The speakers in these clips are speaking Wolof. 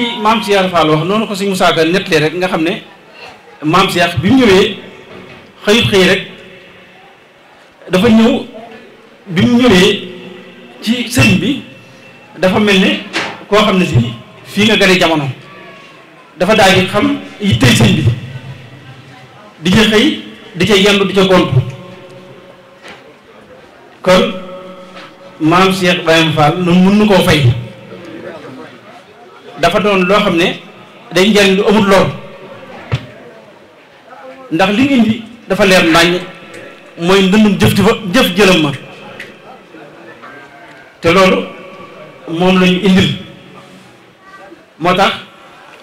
li maam Cheikh Fall wax noonu ko sëñ Moussa Ka rek nga xam ne maam Cheikh bi mu ñëwee xëyut xëy rek dafa ñëw bi mu ñëwee ci sëriñ bi dafa mel ne koo xam ne si fii nga gane jamono dafa daal di xam yittey sëriñ bi di ca xëy di ca yendu di ca gontu kon maam Cheikh Ibrahima Fall noonu mën na koo fay dafa doon loo xam ne day njariñ lu amul lool ndax li indi dafa leer naññ mooy ndëndum jëf ji fa jëf jëlam ma te loolu moom lañu indil moo tax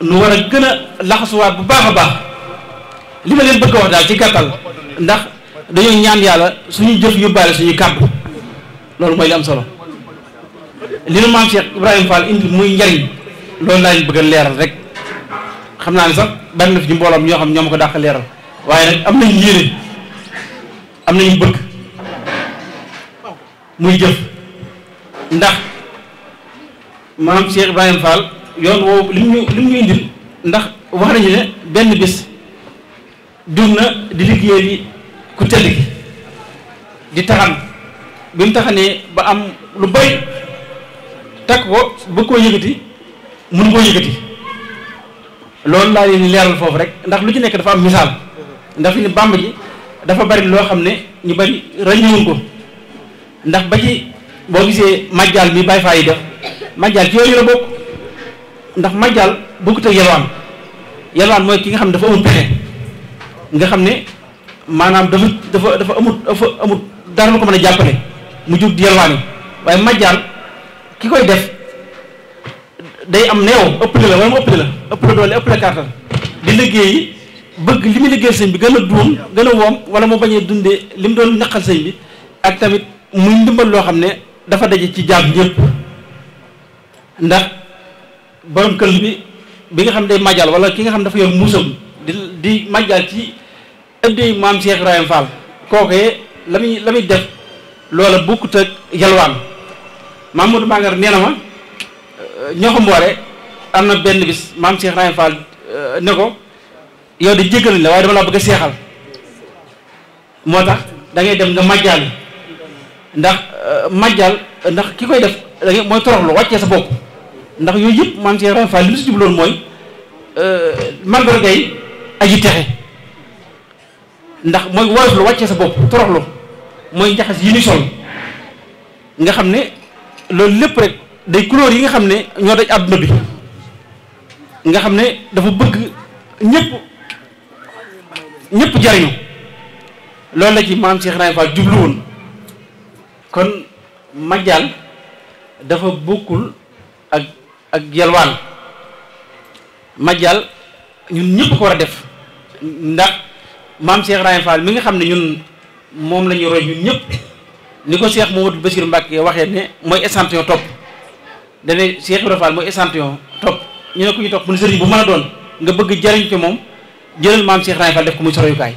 nu war a gën a laxasuwaat bu baax a baax li ma leen bëgg a wax daal ci gàttal ndax dañoo ñaan yàlla suñu jëf yóbbaale suñu kàddu loolu mooy li am solo li nu maam Cheikh Ibrahima Fall indil muy njariñ loolu laa leen bëgg leeral rek xam naa ne sax bari na fi mbooloom ñoo xam ñoo ma ko dàq leeral waaye nag am nañ yéene am nañu bëgg muy jëf ndax maam Cheikh Ibrahima Fall yoon woowu li mu ñu indil ndax wax nañu ne benn bis jur na di liggéeyal yi ku tëdd gi di taxan bi mu taxanee ba am lu bay takk ko bëgg koo yëgati mun koo yëkkati loolu laa leen leeral foofu rek ndax lu ci nekk dafa am misaal ndax fi ne bàmb ji dafa bari loo xam ne ñu bari ràññewuñ ko ndax ba ci boo gisee majjaal mi Baay Faal yi def majjaal ci yooyu la bokk ndax majjaal bëggut ak yalwaan yalwaan mooy ki nga xam ne dafa amul pexe nga xam ne maanaam dafa dafa dafa amut dafa amut dara lu ko mën a jàppale mu jug di yalwaan yi waaye majjaal ki koy def day am neew ëpp la wala mu ëpp la ëpp la doole ëpp la kàttan di liggéey bëgg li mu liggéey sëñ bi gën a duum gën a woom wala mu bañee dundee li mu doon naqal sëñ bi ak tamit muy ndimbal loo xam ne dafa daje ci jaam ñëpp ndax borom kël bi bi nga xam day majal wala ki nga xam dafa yoon muusam di di majal ci ëddey maam Cheikh Ibrahima Fall kookee la muy la muy def loola bokkut ak yalwaan Mamadou Mbangar nee na ma ñoxo mboore am na benn bis maam Cheikh Rahim Fall euh, ne ko yow di jéggal la waaye dama la bëgg seexal moo tax dangay ngay dem nga majjaal ndax euh, majjaal ndax ki koy def da mooy toroxlu wàccee sa bopp ndax yooyu yëpp maam Cheikh Rahim Fall li mu si euh, texe ndax mooy woyoflu sa bopp toroxlu mooy njaxas yi ni sol nga xam ne loolu lépp rek day couleur yi nga xam ne ñoo daj àdduna bi nga xam ne dafa bëgg ñëpp ñëpp jariñu loolu la ci maam Cheikh Ibrahima Fall jublu kon majjal dafa bokkul ak ak yalwaan majjal ñun ñëpp ko war a def ndax maam Cheikh Ibrahima Fall mi nga xam ne ñun moom la ñu roy ñun ñëpp ni ko Cheikh Mamadou Bassirou Mbacké waxee ne mooy échantillon topp dane Cheikh Ibrahima Fall mooy échantillon topp ñu ne ku ñu topp mu ne sëriñ bu mën a doon nga bëgg jariñ ci moom jëlal maam Cheikh Ibrahima Fall def ko muy soroyukaay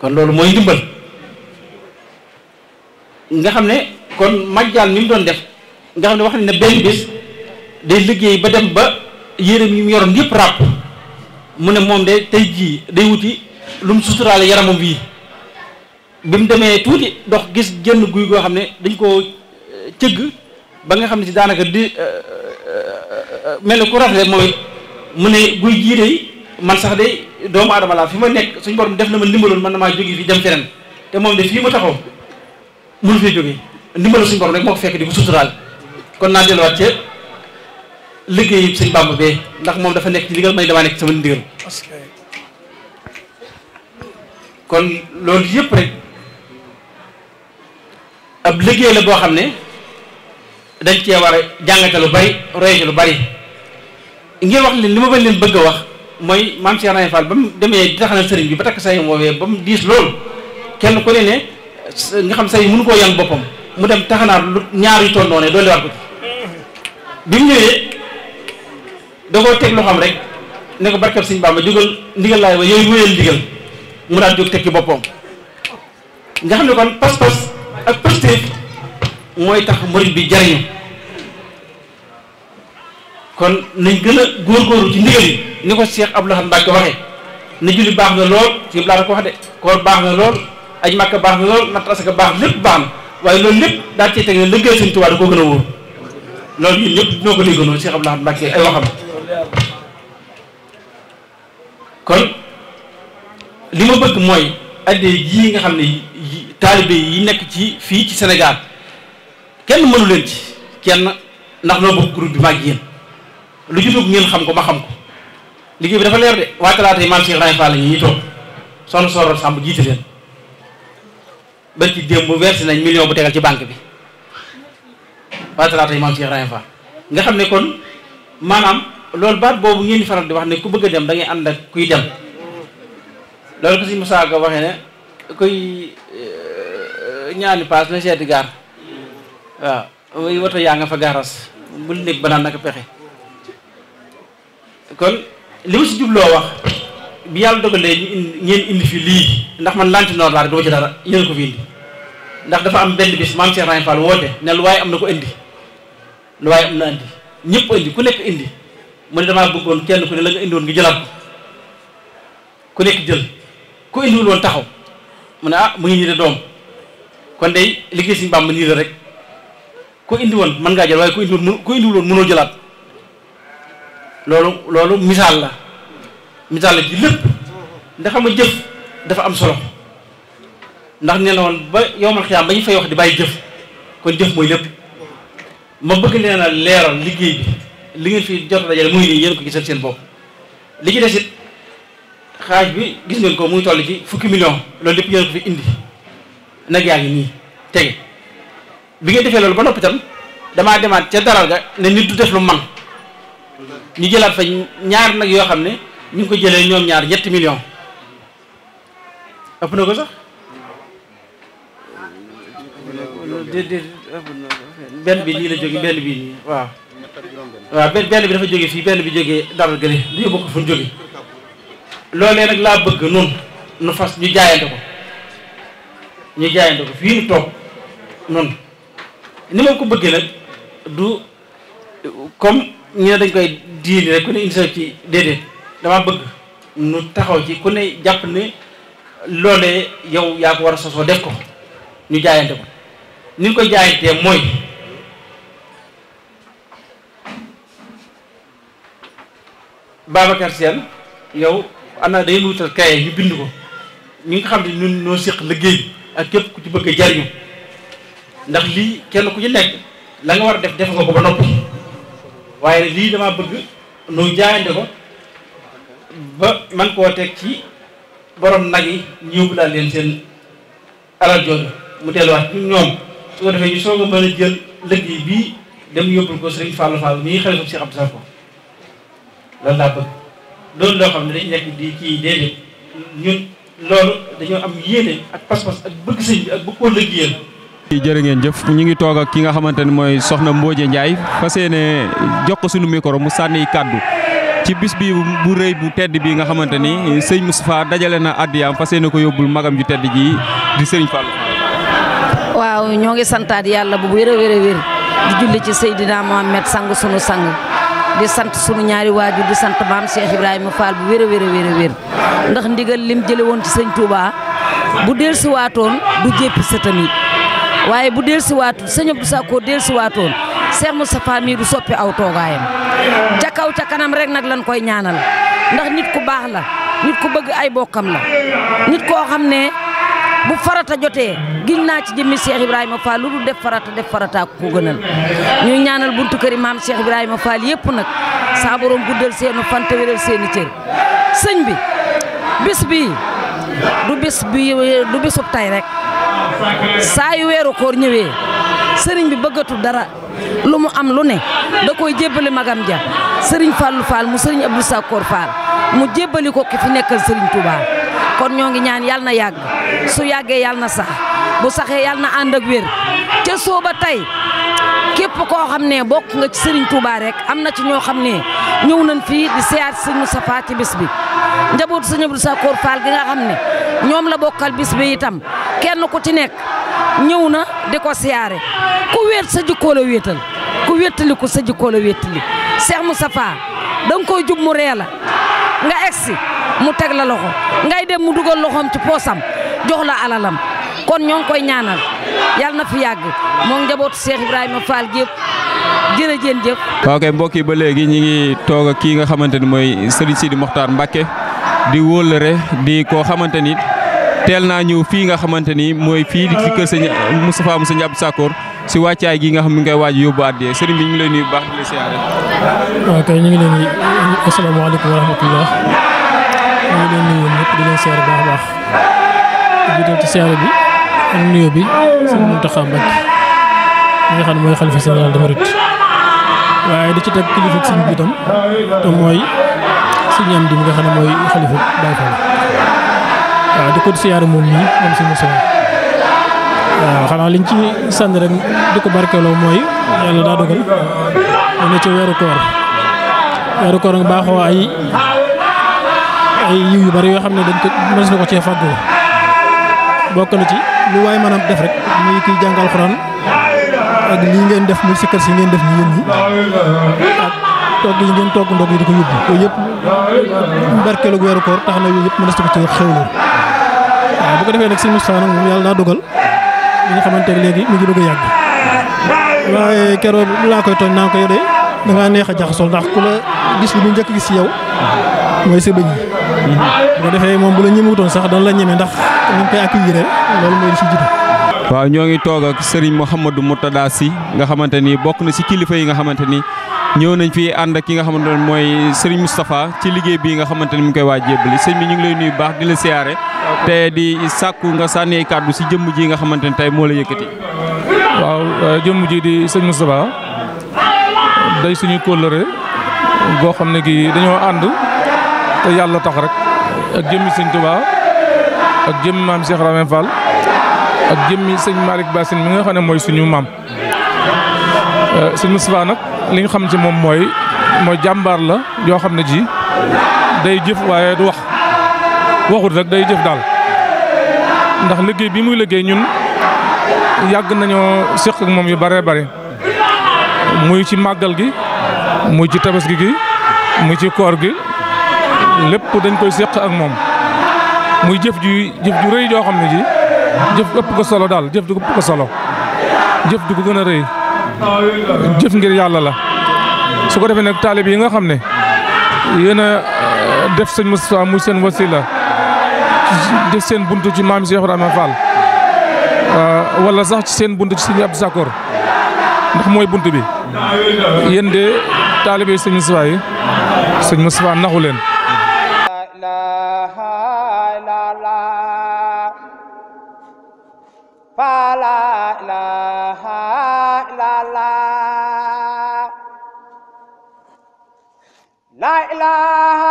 kon loolu mooy ndimbal nga xam ne kon majjal mi mu doon def nga xam ne wax nañ ne benn bis day liggéey ba dem ba yéreem yi mu yoroon yépp ràpp mu ne moom de tey jii day wuti lu mu suturaale yaramam bii bi mu demee tuuti dox gis génn guy goo xam ne dañ ko cëgg ba nga xam ne si daanaka di euh, euh, euh, mel ni ku rafle mooy mu ne guy jii day man sax de doomu adama laa fi ma nekk suñ borom def na ma ndimbaloon man ne maa jóge fi dem feneen te moom de fii ma taxaw mënu fee jóge suñ borom rek moo ko fekk di ko suturaal kon naa delluwaat ca liggéey sëñ Bàmba bee ndax moom dafa nekk ci ndigal man damaa nekk sama ndigal kon loolu yëpp rek ab liggéey la boo xam ne dañ cee war a jàngate lu bari roye lu bari ngir wax leen li ma bañ leen bëgg a wax mooy maam Cheikh Naye Fall ba mu demee di taxanal sëriñ bi ba takk say woowee ba mu diis loolu kenn ko ne ne nga xam say mënu koo yan boppam mu dem taxanaat lu ñaar yu toll noonu doole war ko bi mu ñëwee da koo teg loxoom rek ne ko barkab sëriñ Bamba jógal ndigal laay ba yooyu wéyal ndigal mu daal jóg ci boppam nga xam ne kon pas-pas ak pëstéef mooy tax murid bi jariñu kon nañ gën a góor góorgóorlu ci ndigal yi ni ko Cheikh Abdou Lahad Mbacke waxee na julli baax na lool ci laa ko wax de koor baax na lool aj Makka baax na lool natt asaka baax lépp baax na waaye loolu lépp daal cee teg ne liggéey Sëñ Tuubaa da koo gën a wóor loolu ñun ñëpp ñoo ko déggoonoon Cheikh Abdou Lahad Mbacke ay waxam kon li ma bëgg mooy addee jii nga xam ne taalibe yi nekk ci fii ci Sénégal kenn mënu ci kenn ndax noo bokk groupe bi maag yéen lu jutub ngeen xam ko ma xam ko liggéey bi dafa leer de waa talaata yi maam Cheikh Ibrahima Fall ñi ñuy toog soxna Soor Samb jiite leen ba ci démb versé nañ million bu tegal ci banque bi waa talaata yi maam Cheikh Ibrahima nga xam ne kon maanaam loolu baat boobu ngeen di faral di wax ne ku bëgg a dem da ngay ànd ak kuy dem loolu ko si Moussa Ka waxee ne kuy euh, ñaani paas na seeti gaar waaw woto yaa nga fa gaaras bul nekk ba naan naka pexe kon li ma si jubloo wax bi yàlla dogalee ñu indi ngeen indi fi lii ndax man lantinoor laa rek duma ci dara yéen ko fi indi ndax dafa am benn bis maam Cheikh Rahim Fall woote ne lu waaye am na ko indi lu waaye am na indi ñëpp indi ku nekk indi mu ne damaa bëggoon kenn ku ne la nga indi woon nga jëlaat ku nekk jël ku indiwul taxaw mu ne ah mu ngi nii de doom kon day liggéey suñu bàmb nii la rek koo indi woon mën ngaa jël waaye ko indi woon ko indi woon mënoo loolu loolu misaal la misaal la ci lépp ndax xam jëf dafa am solo ndax nee na woon ba yowmal xiyaam ba ñu fay wax di bàyyi jëf kon jëf mooy lépp ma bëgg leen a leeral liggéey bi li ngeen fi jot dajale muy nii yéen ko gisal seen bopp li ci des it xaaj bi gis ngeen ko mu ngi toll ci fukki million loolu lépp yéen ko fi indi nag yaa ngi nii tege bi ngeen defee loolu ba noppi tam damaa demaat ca daral ga ne nit du def lu man ñu jëlaat fa ñaar nag yoo xam ne ñu ko jëlee ñoom ñaar ñetti million ëpp na ko sax benn bi nii la jóge benn bi nii waaw waaw benn bi dafa jóge fii benn bi jógee daral gële du yóbbu ko fu ñu jóge loolee nag laa bëgg noonu nu fas ñu jaayante ko ñu jaayante ko fii nu toog noonu ni ma ko bëggee nag du comme ñu ne dañ koy diini rek ku ne indi ci déedéet dama bëgg nu taxaw ci ku ne jàpp ne loolee yow yaa ko war a sosoo def ko ñu jaayante ko ni ñu koy jaayantee mooy Babacar Sène yow ana day wutal kaye ñu bind ko ñi nga xam ne ñun ñoo séq liggéey ak képp ku ci bëgg a jariñu ndax lii kenn ku ci nekk la war a def def nga ko ba noppi waaye lii damaa bëgg nu jaayante ko ba man koo teg ci borom nag yi ñu yóbbu daal leen seen alal jooju mu delluwaat ci ñoom su ko defee ñu soog a mën a jël liggéey bii dem yóbbul ko Serigne Fallou Fall mii xale ko si xam sax ko loolu laa bëgg loolu loo xam ne dañ nekk di ci déedéet ñun loolu dañoo am yéene ak pas-pas ak bëgg sëñ bi ak bëgg koo liggéeyal jërë ngeen jëf ñu ngi toog ak ki nga xamante ne mooy soxna Mbodje njaay fas yéene jox ko suñu micro mu sànni kàddu ci bis bi bu rëy bu tedd bi nga xamante ni sëñ Moustapha dajale na addiyaam fas yéene ko yóbbul magam ju tedd ji di sëriñ Fall. ñoo ngi santaat yàlla bu wér a wér a di julli ci Seydina Mohamed sang sunu sang di sant sunu ñaari waajur di sant maam Cheikh Ibrahima Fall bu wér a wér a wér a ndax ndigal lim jële woon ci sëñ Touba bu dellusiwaatoon du jéppi sa tamit waaye bu dellusiwaatul sëñ Abdou Sakho dellusiwaatoon Cheikh Moustapha mii du soppi aw toogaayam ca kaw ca kanam rek nag lañ koy ñaanal ndax nit ku baax la nit ku bëgg ay bokkam la nit koo xam ne bu farata jotee giñ naa ci jëmmi Cheikh Ibrahima Fall lu def farata def farata ko gënal ñuy ñaanal buntu këri maam Cheikh Ibrahima Fall yépp nag saa borom guddal seenu fan te wéral seeni cër sëñ bi bis bii du bis bi du bisub tay rek saa yu weeru koor ñëwee sëriñ bi bëggatul dara lu mu am lu ne da koy jébbali magam ja sëriñ Fallou Fall mu sëriñ Abdou Sakkoor Fall mu jébbali ko ki fi nekkal sëriñ Touba kon ñoo ngi ñaan yàlla na yàgg su yàggee yàlla na sax bu saxee yàlla na ànd ak wér ca sooba tey képp koo xam ne bokk nga ci sëriñ Touba rek am na ci ñoo xam ne ñëw nañ fii di seyaat sëriñ Moustapha ci bis bi njabootu sëriñ Abdou Sakkoor Fall gi nga xam ne ñoom la bokkal bis bi itam kenn ku ci nekk ñëw na di ko siyaare ku wéet sa jikkoo la wéetal ku wéetali ku sa jikkoo la wéetali Cheikh Moustapha da nga koy jub mu ree la nga egsi mu teg la loxo ngay dem mu dugal loxoom ci poosam jox la alalam kon ñoo ngi koy ñaanal yàlla na fi yàgg moom njabootu Cheikh Ibrahima Fall gépp jërëjëf jëf waaw kay mbokk yi ba léegi ñi ngi toog ak kii nga xamante ni mooy Serigne Sidi Mokhtar Mbacke di wóllëre di koo xamante ni teel naa ñëw fii nga xamante ni mooy fii di ci kër sëñ Moustapha Moussa Ndiab si wàccaay gi nga xam ngay ngi koy waaj yóbbu àddee sëriñ bi ñu ngi lay nuyu bu baax di ñu ngi leen di asalaamaaleykum wa rahmatulah ñu ngi leen di nuyu ñëpp baax baax di ci siyaare bi ak nuyoo bi sëñ Mountakha Mbacké mi nga xam ne mooy xalifa général des mourides waaye di ci teg kilifa sëñ bi itam te mooy sëñ am di mi nga xam ne mooy xalifa Baye Fall waaw di ko siyaare moom nii moom si Moussa waaw xanaa liñ ci sant rek di ko barkeeloo mooy yàlla daa dogal ci weeru koor weeru koor nga baaxoo ay ay yiw yu xam ne dañ ko cee fàggoo bokk na ci lu waay maanaam def rek muy kiy jàngal xuraan ak lii ngeen def mu sikkar si ngeen def nii yéen ñi ak togg yi ngeen togg ndog yi di ko yóbbu yooyu yëpp barkeelu weeru koor tax na yooyu yëpp mënees na ko ci xewloo waaw bu ko defee nag sëñ Moustapha nag moom yàlla daa dogal li nga xamante ne léegi mu ngi bëgg a yàgg waaye keroog laa koy tooñ naa ko de dangaa neex a jaxasoo ndax ku la gis lu njëkk gis ci yow mooy sa bëñ yi bu ko defee moom bu la ñemewutoon sax dana la ñeme ndax ñu ngi koy accueillir loolu mooy li si jiitu waaw ñoo ngi toog ak sëriñ Mouhamadou Moutada Sy nga xamante ni bokk na si kilifa yi nga xamante ni ñëw nañ fi ànd ak ki nga xamante ne mooy sëriñ Moustapha ci liggéey bii nga xamante ni mu ngi koy waaj jébbali sëñ bi ñu ngi lay nuyu baax di la siyaare te di sàkku nga sànnee kàddu si jëmm ji nga xamante ne tey moo la yëkkati. waaw euh, jëmm ji di sëñ Moustapha day suñu kóllëre goo xam ne gi dañoo ànd te yàlla tax rek ak jëmmi sëñ Touba ak jëmmi maam Cheikh Ramé Fall ak jëmmi sëñ Malick Bassine mi nga xam ne mooy suñu maam euh, sëñ Moustapha nag li nga xam ci moom mooy mooy jàmbaar la yoo xam ne ji day jëf waaye du wax. waxut rek day jëf daal ndax liggéey bi muy liggéey ñun yàgg nañoo séq ak moom yu bare bare muy ci màggal gi muy ci tabaski gi muy ci koor gi lépp dañ koy séq ak moom muy jëf ju jëf ju rëy joo xam ne ji jëf ëpp ko solo daal jëf du ëpp ko solo jëf du ko gën a rëy jëf ngir yàlla la su ko defee nag taalib yi nga xam ne yéen a def sëñ Moustapha muy seen wasila def seen buntu ci maam Cheikh Ibrahima Fall euh, wala sax ci seen buntu ci sëñ Abdou Sakor ndax bi yéen de taalibe naxu leen la ilaha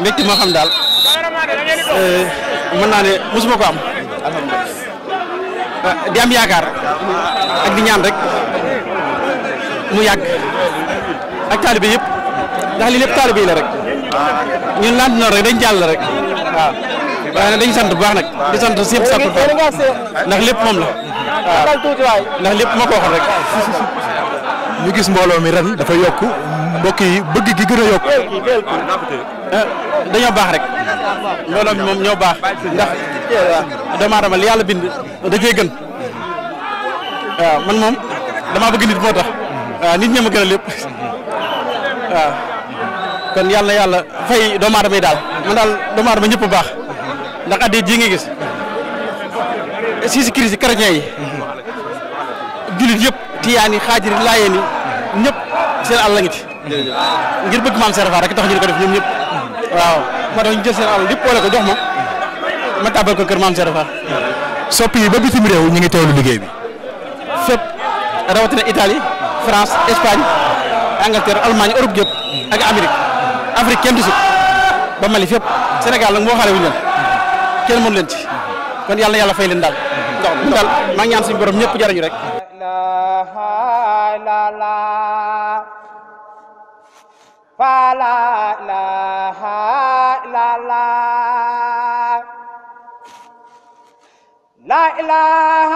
mbégte moo xam daal euh, mën naa ne mosuma ko am euh, di am yaakaar ak di ñaan rek mu yàgg ak taalibe yëpp ndax li lépp taalibe yi la rek ñun laan noor rek dañ jàll rek waaw nag dañ sant bu baax nag di sant sëñ sant bu ndax lépp moom la ndax lépp ma ko rek ñu gis mbooloo mi ren dafa yokk mbokk yi bëgg gi gën a yokk Eh, dañoo baax rek mbooloo mi moom ñoo baax ndax doomu aadama li yàlla bind da cee gën man moom dama bëgg nit moo tax nit ñi ma gën a kon yàlla yàlla fay doomu daal man daal doomu aadama ñëpp baax ndax addi ji nga gis si si crise chrétien yi jullit yëpp tiyaan yi xaajiri laayeen ñëpp seen àll la ngi ci ngir bëgg maam Serapha rek tax ñu di ko def ñoom ñëpp waaw ma doon jël seen alal lépp boole ko jox ma ma tàbbal ko kër maam Serap Fall. soppi yi ba bitim réew ñu ngi teewlu liggéey bi. fépp rawatina Italie France Espagne Angleterre Allemagne Europe gépp ak Amérique Afrique kenn du si ba Mali fépp Sénégal nag moo xaale wuñu leen kenn mënu kon yàlla yàlla fay leen daal ndax daal maa ñaan suñu borom ñëpp jariñu rek. فلا إله إلا الله لا إله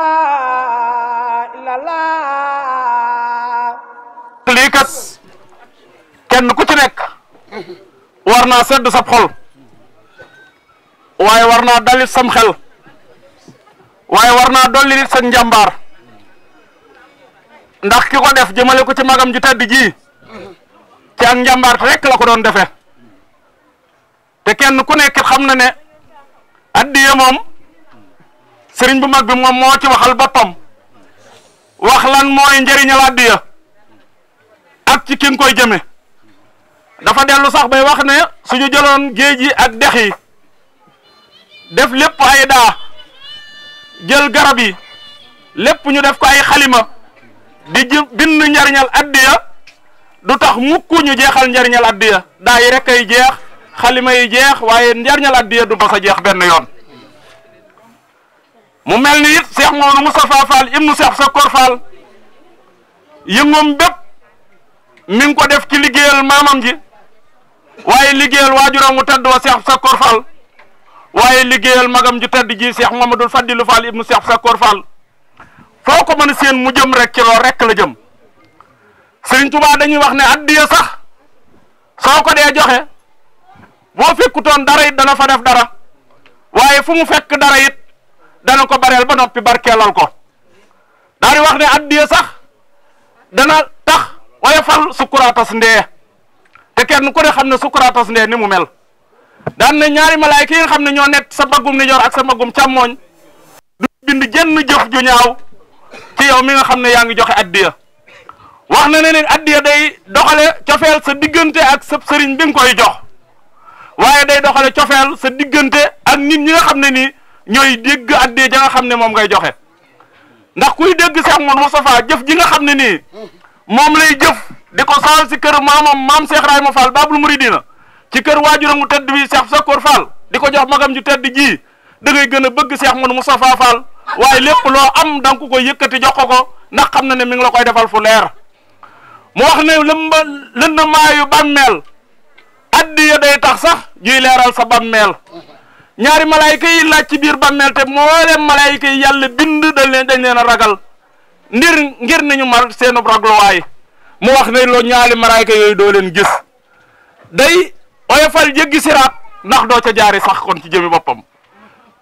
kenn ku ci nekk war naa sedd sab xol waaye war naa dalit sam xel waaye war naa dolli nit sa njàmbaar ndax ki ko def jëmale ko ci magam ju tedd ji ak njàmbaart rek la ko doon defee te kenn ku nekk xam na ne addiye moom sëriñ bu mag bi moom moo ci waxal boppam wax lan mooy njëriñal addiye ak ci ki nga koy jëme dafa dellu sax bay wax ne suñu jëloon géej yi ak dex yi def lépp ay daa jël garab yi lépp ñu def ko ay xalima di ji bind njariñal addiya du tax mu mukk ñu jeexal njariñal addiya daa yi rek ay jeex xalima yi jeex waaye njariñal addiya du mos a jeex benn yoon mu mel ni it Cheikh Mouhamadou Moustapha Fall ibnu Cheikh Sakor Fall yëngoom bépp mi ngi ko def ci liggéeyal maamam ji waaye liggéeyal ju mu tedd wa Cheikh Sakor Fall waaye liggéeyal magam ju tedd ji Cheikh Mouhamadoul Fadilou Fall ibnu Cheikh Sakor Fall foo ko mën a séen mu jëm rek ci loolu rek la jëm sëriñ Tuubaa dañuy wax ne addiya sax soo ko dee joxe boo fekkutoon dara it dana fa def dara waaye fu mu fekk dara it dana ko bareel ba noppi barkeelal ko daal di wax ne addiya sax dana tax waaye fal sukkuraatas ndee te kenn ku ne xam ne sukkuraatas ndee ni mu mel daan ne ñaari malaayka ki nga xam ne ñoo net sa baggum nijoor ak sa baggum càmmooñ du bind jenn jëf ju ñaaw ci yow mi nga xam ne yaa ngi joxe addiya wax na ne ne addiya day doxale cofeel sa diggante ak sa sëriñ bi nga koy jox waaye day doxale cofeel sa diggante ak nit ñi nga xam ne nii ñooy dégg addiya ya nga xam ne moom ngay joxe ndax kuy dégg Seex Muhammadu Mustafaa jëf ji nga xam ne nii moom lay jëf di ko saal si kër maamam maam Seex Ibrahima Fall Baabul Muridiina ci kër waajuram mu tedd bi sa Sakkoor Fall di ko jox magam ju tedd ji da ngay gën a bëgg Seex Muhammadu Mustafaa Fall waaye lépp loo am da ko koy jox ko ko ndax xam na ne mi la koy defal fu leer mu wax ne lëmba lëndmaayu bàmmeel addiya day tax sax juy leeral sa bàmmeel ñaari malaayka yi laaj ci biir bàmmeel te mboolem malaayka yi yàlla bind dañ leen dañ leen a ragal ndir ngir nañu mar seenub ragluwaay mu wax ne loo ñaari malaayka yooyu doo leen gis day oyofal jéggi siraat ndax doo ca jaari sax kon ci jëmi boppam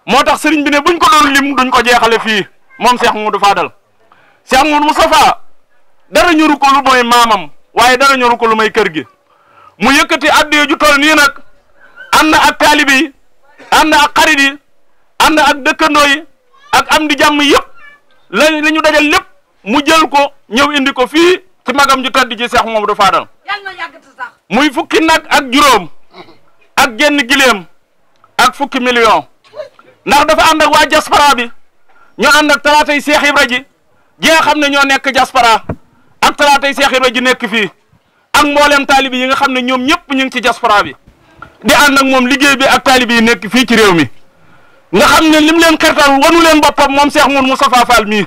moo tax sëriñ bi ne buñ ko doon lim duñ ko jeexale fii moom Cheikh Moudou Fadal Cheikh Moudou Moustapha dara ñoru ko lu mooy maamam waaye dara ñoru ko lu may kër gi mu yëkkati addiya ju toll nii nag ànd ak taalibe yi ànd ak xarit yi ànd ak dëkkandoo yi ak am di yëpp la li ñu dajal lépp mu jël ko ñëw indi ko fii ci magam ju tedd ji Seex Mamadu Faadal muy fukki nag ak juróom ak genn gileem ak fukki million ndax dafa ànd ak waa diaspora bi ñu ànd ak talaatay Seex Ibra ji ji ne ñoo nekk diaspora ak talaatay Seex ji nekk fii ak mboolem taalibi yi nga xam ne ñoom ñëpp ñu ngi ci diaspora bi di ànd ak moom liggéey bi ak taalibi yi nekk fii ci réew mi nga xam ne lim leen xertal wanu leen boppam moom Seex Mun Mustafaa Fall mii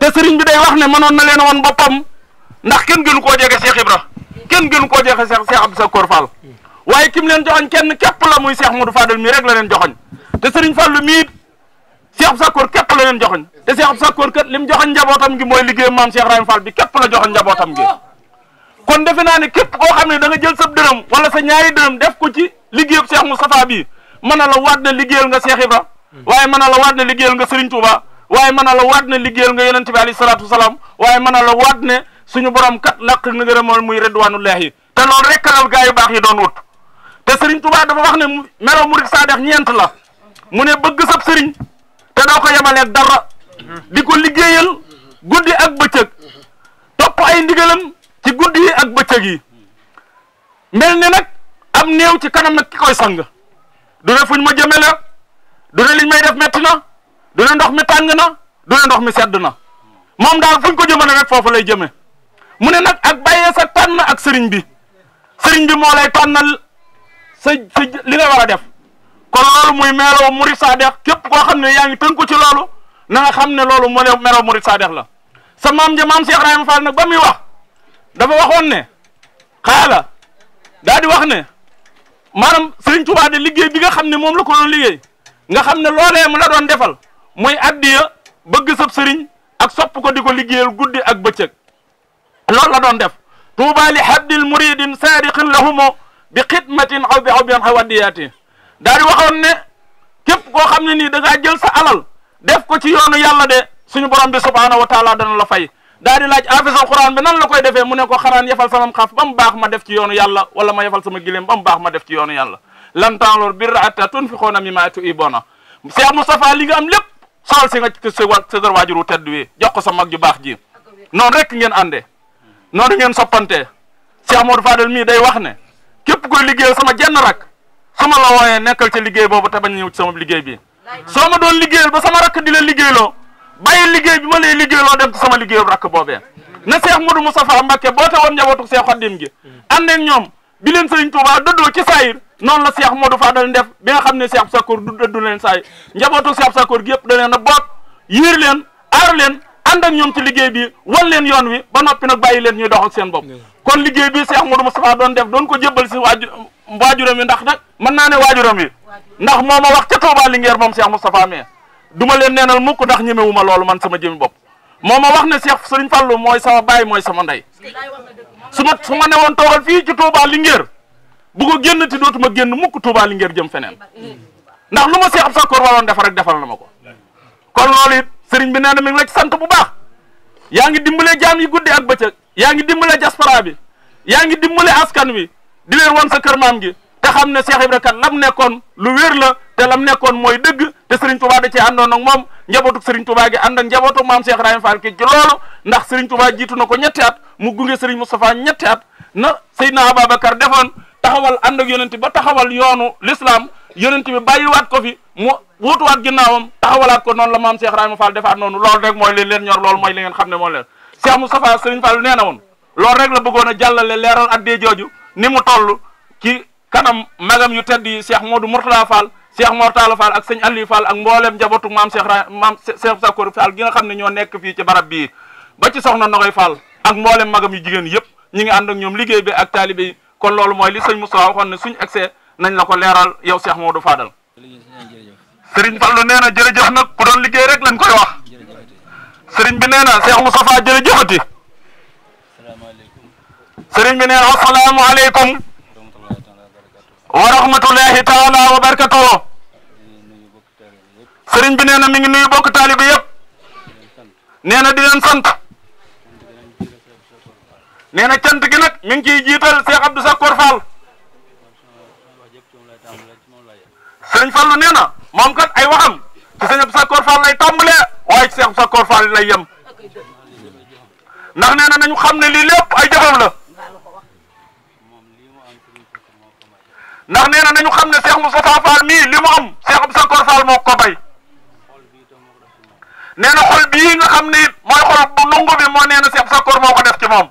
te sëriñ bi day wax ne mënoon na leen woon boppam ndax kenn gënu koo jege Seex Ibra kenn gënu koo jege Seex Seex Abdu Sakoor Fall waaye kim leen joxoñ kenn képp la muy Seex Mudu Fadal mi rek la leen joxoñ te sëriñ Fallu mii Cheikh Abdou Sakkoor képp la leen joxoñ te Cheikh Abdou Sakkoor kat li joxoñ njabootam gi mooy liggéey maam Cheikh Ibrahima Fall bi képp la joxoñ njabootam gi kon defe naa ne képp koo xam ne da nga jël sa dërëm wala sa ñaari dërëm def ko ci liggéeyu Cheikh Moustapha bi mën na la waat na liggéeyal nga Cheikh ba waaye mën na la waat na liggéeyal nga Serigne Touba waaye mën na la waat na liggéeyal nga yonente bi alayhi salaatu wasalaam waaye mën a la waat ne suñu borom kat làq na ngërëmal muy redwanullahi te loolu rek kanal gaa yu baax yi doon wut te Serigne Touba dafa wax ne melo murid saadex ñeent la mu ne bëgg sab Serigne te doo ko yemaleeg dara di ko liggéeyal guddi ak bëccëg topp ay ndigalam ci guddi yi ak bëccëg yi mel ni nag am néew ci kanam nag ki koy sang du ne fuñ ma jëme la du ne liñ may def metti na du ne ndox mi tàng na du ne ndox mi sedd na moom daal fuñ ko jëmale rek foofu lay jëme mu ne nag ak bàyyee sa tànn ak sëriñ bi sëriñ bi moo lay tànnal sa sa li nga war a def kon loolu muy meeloo murid saadex képp koo xam ne yaa ngi tënku ci loolu na nga xam ne loolu mu ne meeloo murid la sa maam ja maam Cheikh Ibrahima Fall nag ba muy wax dafa waxoon ne xaala daa di wax ne maanaam Sëriñ Tuubaa de liggéey bi nga xam ne moom la ko doon liggéey nga xam ne loolee mu la doon defal muy addiya bëgg sab sëriñ ak sopp ko di ko liggéeyal guddi ak bëccëg loolu la doon def tuuba li habdil muridin saadiqin lahumo bi xidmatin aw bi aw bi an xawaddiyaati daal di waxoon ne képp koo xam ne nii da jël sa alal def ko ci yoonu yàlla de suñu borom bi subhaanahu wa taala dana la fay daal di laaj afisal quran bi nan la koy defee mu ne ko xaraan yefal samam xaf ba baax ma def ci yoonu yàlla wala ma yefal sama gileem ba mu baax ma def ci yoonu yàlla lan tanaloor birra hatta tunfiqoona mimmaa tuhibboona Cheikh Moustapha li nga am lépp sol si nga sa sa waajuru tedd wi jox ko sa mag ju baax ji noon rek ngeen àndee noonu ngeen soppantee Cheikh Modou Fadel mii day wax ne képp koy liggéeyal sama jenn rak xamal la waaye nekkal ca liggéey boobu te bañ ñëw ci sama liggéey bi soo ma doon liggéeyal ba sama rakk di la liggéeyloo bàyyi liggéey bi ma lay liggéeyloo dem ci sama liggéeyu rakk boobee na seex Modou Moustapha Mbacke boote woon njabootu seex Xaddim gi ànd ñoom bi leen sëriñ Touba dëddoo ci saayir noonu la seex Modou Fadal def bi xam ne seex Sakkoor du dëddu leen saayir njabootu seex Sakkoor gi yëpp da leen a boot yiir leen aar leen ànd ak ñoom liggéey bi wan leen yoon wi ba noppi nag bàyyi leen ñuy dox ak seen bopp kon liggéey bi seex Modou doon def doon ko waajuram yi ndax nag mën naa ne waajuram yi ndax moo ma wax ca Touba Linguère moom Cheikh Moustapha mais du ma leen neenal mukk ndax ñemewu ma loolu man sama jëmi bopp moo ma wax ne Cheikh Serigne Fallou mooy sama baay mooy sama ndey su ma su ma newoon toogal fii ci Touba Linguère bu ko génn ti dootuma génn mukk Touba Linguère jëm feneen mm. ndax lu ma Cheikh Abdou Sakor waroon defar rek defal na ma ko kon loolu it bi nee na mi ngi la sant bu baax yaa ngi dimbale jaam yi guddi ak bëccëg yaa ngi dimbale diaspora bi yaa ngi dimbale askan wi di leen wan sa kër maam gi te xam ne Cheikh Ibra Kane lam nekkoon lu wér la te lam nekkoon mooy dëgg te Serigne Touba da cee àndoon ak moom njabootu Serigne Touba gi ànd ak njabootu maam Cheikh Ibrahima Fall ki ci loolu ndax Serigne Touba jiitu na ko ñetti at mu gunge Serigne Moustapha ñetti at na Seydina Ababacar defoon taxawal ànd ak yonent ba taxawal yoonu l'islam yonent bi bàyyiwaat ko fi mu waat ginnaawam taxawalaat ko noonu la maam Cheikh Ibrahima Fall defaat noonu loolu rek mooy leen leen ñor loolu mooy li ngeen ne moo nee na woon la bëggoon a jàllale leeral addee jooju ni mu toll ci kanam magam yu tedd yi Cheikh Modou Mourtala Fall Cheikh Mortala Fall ak sëñ Aliou Fall ak mbooleem njabootu maam Cheikh ra maam Cheikh Sakor Fall gi nga xam ne ñoo nekk fii ci barab bii ba ci soxna Nogoy Fall ak mbooleem magam yu jigéen yëpp ñu ngi ànd ak ñoom liggéey bi ak taalibe yi kon loolu mooy li sëñ Moussa waxoon ne suñ excès nañ la ko leeral yow Cheikh Modou Fadal sëriñ Fallu nee na jërëjëf nag ku doon liggéey rek lañ koy wax sëriñ bi nee na Cheikh Moustapha jërëjëfati sëriñ bi nee assalaamu aleykum wa rahmatullahi taala wa barakatuh sëriñ bi nee na mi ngi nuyu bokk taalibi yëpp nee na di leen sant nee na cant gi nag mi ngi ciy jiital Cheikh Abdou Sakor Fall sëriñ Fallu nee na moom kat ay waxam ci sëñ Abdou Sakor Fall lay tàmbalee waaye ci Cheikh Abdou Sakor Fall lay yem ndax nee nañu xam ne lii lépp ay jëfam la nee na xol bii nga xam ne it mooy xol bu nangu bi moo nee na Cheikh Sakor moo ko def ci moom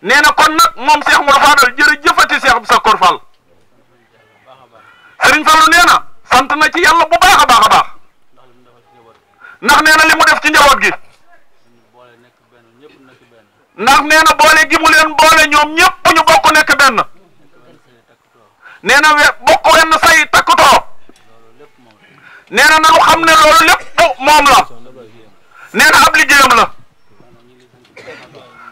nee na kon nag moom Cheikh Modou Fadal jërëjëfati Cheikh Sakor Fall Serigne Fallou nee na sant na ci yàlla bu baax a baax a baax ndax nee na li mu def ci njaboot gi ndax nee na boole gi mu leen boole ñoom ñëpp ñu bokk nekk benn nee na we bokk wenn say takkutoo nee na nanu xam ne loolu lépp moom la nee na ab liggéeyam la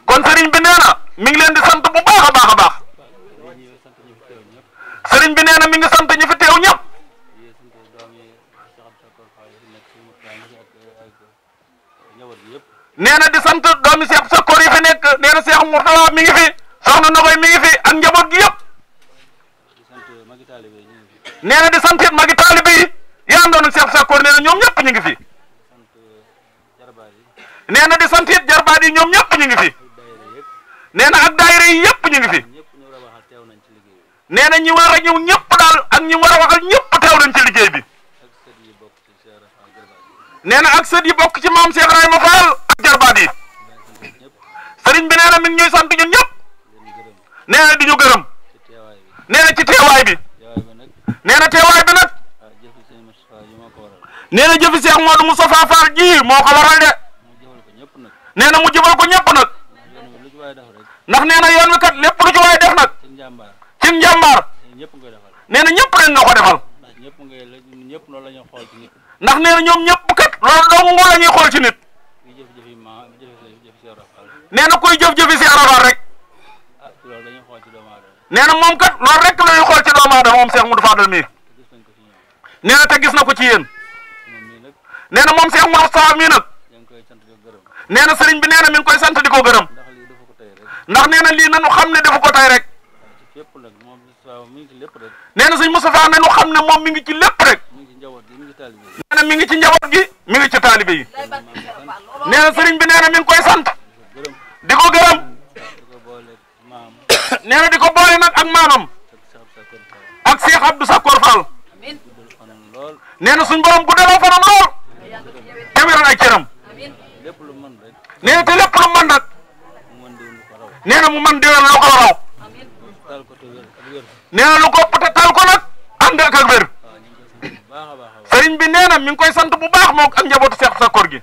kon sëriñ bi nee na mi ngi leen di sant bu baax a baax a baax sëriñ bi nee na mi ngi sant ñi fi teew ñëpp nee na di sant doomi Seex sa yi fi nekk nee na Seex Murtala mi ngi fi soxna Nogoy mi ngi fi ak njaboot gi yëpp nee na di sant nee na ñi war a ñëw ñëpp daal ak ñi war a waxal ñëpp teew nañ ci liggéey bi nee na ak sët yi bokk ci maam Cheikh Ibrahima Fall ak jarbaat yi sëriñ bi nee na mi ngi ñuy sant ñun ñëpp nee na di ñu gërëm nee na ci teewaay bi nee na teewaay bi nag nee na jëfi Cheikh Modou Moustapha Fall ji moo ko waral de nee na mu jëfal ko ñëpp nag ndax nee na yoon wi kat lépp lu ci waay def nag ci njàmbaar nee na ñëpp leen na ko defal ndax nee na ñoom ñëpp kat loolu dong la ñuy xool ci nit nee na kuy jëf-jëfi si arafaal rek ah, nee moom kat loolu rek la ñuy xool ci doomu aadama moom Cheikh Modou Fadal mii nee na te gis na ko ci yéen nee na moom Cheikh Modou Fadal mii nag nee na sëriñ bi nee na mi ngi koy sant di ko gërëm ndax nee na lii xam ne dafa ko tay rek. nee na sëñ Moustapha nañu xam ne moom mi ngi ci lépp rek nee na mi njaboot gi mi ngi ci taalibe yi nee na sëriñ bi nee na mi ngi koy sant di ko gërëm nee na di ko boole nag ak maamam ak Cheikh Abdou Sakor Fall nee na suñ borom guddaloo fanam lool te a ay cëram nee na te lépp lu mën nag nee na mu mën déwén loo ko nee na lu ko te tal ko nag ànd ak ak wér sëriñ bi nee na mi ngi koy sant bu baax moom ak njabootu Seex Sakkoor gi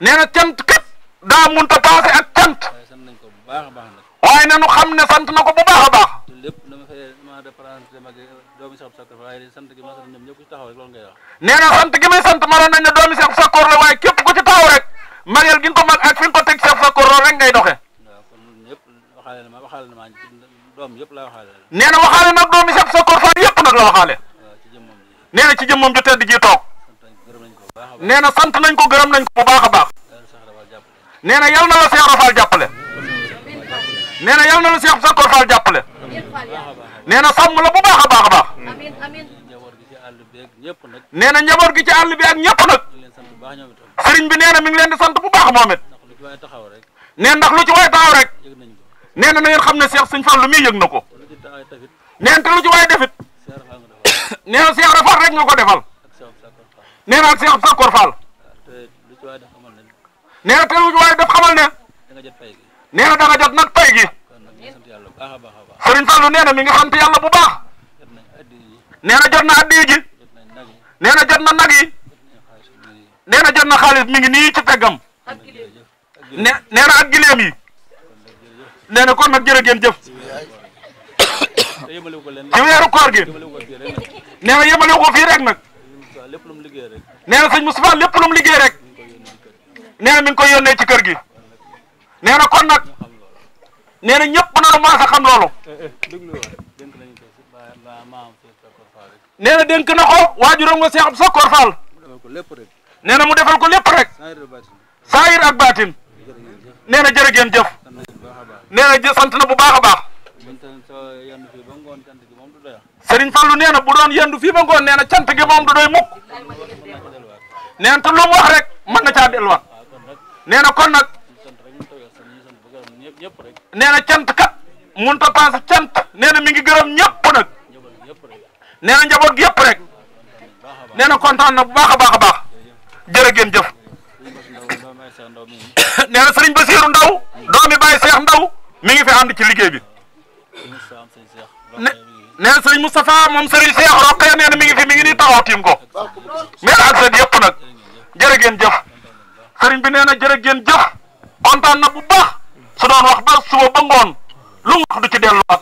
nee na cant kat daa mun ta paase ak cant waaye nanu xam ne sant na ko bu baax a baax nee na sant gi may sant maroon nañ ne doomi Seex Sakkoor la waaye képp ku ci taxaw rek magel gi nga ko mag ak fi nga ko teg Seex Sakkoor loolu rek ngay doxe nee na waxaale nag doomi Cheikh Sakor Fall yëpp nag la waxaale. nee na ci jëmmam ju tedd ji toog. nee na sant nañ ko gërëm nañ ko bu baax a baax. nee na yal na la Cheikh Rafal jàppale. nee na yal na la Cheikh Sakor Fall jàppale. na sàmm la bu baax a baax a baax. nee na njaboot gi ci àll bi ak ñëpp nag. sëriñ bi nee na mi ngi leen di sant bu baax moom it. nee ndax lu ci waay taxaw rek. nee na na ngeen xam ne Cheikh Sëñ Fallu mii yëg na ko neen te lu ci waaye defit nee na Cheikh Rafal rek nga ko defal nee na ak Cheikh a Fall nee na te lu ci waaye def xamal ne nee na da nga jot nag pay gi Sëriñ Fallu nee na mi nga sant yàlla bu baax nee na jot na addi ji nee na jot na nag yi nee na jot na xaalis mi ngi nii ci teggam nee na ak gileem yi nee na kon nag jërë ngeen jëf ci weeru koor gi nee na yemalewu ko fii rek nag nee na sëñ Moustapha lépp lu mu liggéey rek nee na ko ngi yónnee ci kër gi nee na kon nag nee na ñëpp na ma sa xam loolu nee na dénk na ko waajuram nga Seex Abdu Sakkoor Fall nee na mu defal ko lépp rek saayir ak baatin nee na jërë ngeen jëf nee na jë sant na bu baax a baax. Serigne Fallou nee na bu doon yendu fii ba ngoon nee na cant gi moom du doy mukk. nee na te wax rek mën na caa delluwaat. nee na kon nag. nee na cant kat mun ta paase cant nee na mi ngi gërëm ñëpp nag. nee na njaboot gi yëpp rek. nee na kontaan na bu baax a baax a baax. jërë ngeen jëf. nee na sëriñ Basiiru Ndaw doomi Baye Cheikh Ndaw mi ngi fi ànd ci liggéey bi nee na sëriñ Moustapha moom sëriñ Cheikh Roqe nee na mi ngi fi mi ngi nii taxaw tiim ko nee na ak seen yëpp nag jërë jëf sëriñ bi nee na jërë ngeen jëf kontaan na bu baax su doon wax ba suba ba ngoon lu mu wax du ci delluwaat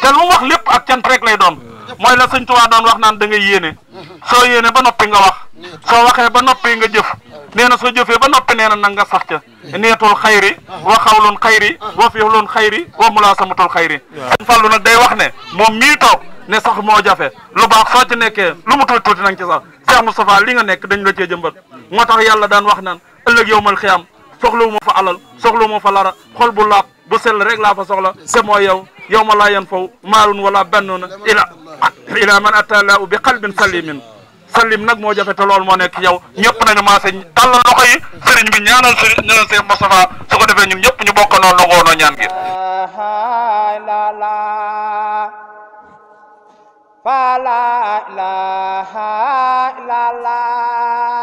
te lu mu wax lépp ak cant rek lay doon mooy la sëñ Tuubaa doon wax naan da ngay yéene soo yéene ba noppi nga wax soo waxee ba noppi nga jëf nee na soo jëfee ba noppi nee na nag nga sax ca neetul xayri ah. wa xawlun xayri wa fi'lun xayri wa mulaasamatool xayri sëñ Fallou nag day wax ne moom mii toog ne sax moo jafe lu baax soo ci nekkee lu mu tuuti tuuti nanga ci sax Cheikh Moustapha li nga nekk dañ la cee jëmbat moo tax yàlla daan wax naan ëllëg yowmal xiyam soxlawu ma fa alal soxlawu ma fa lara xol bu laab bu sell rek laa fa soxla te mooy yow yow ma laa yan faw maalun wala bannoona ila ila man atallahu bi qalbin salimin sa lim nag moo jafe te loolu moo nekk yow ñëpp nañu maase tàllal loxo yi sëriñ bi ñaanal sëriñ ñaanal sëriñ Moustapha su ko defee ñun ñëpp ñu bokk noonu nangoo ñaan gi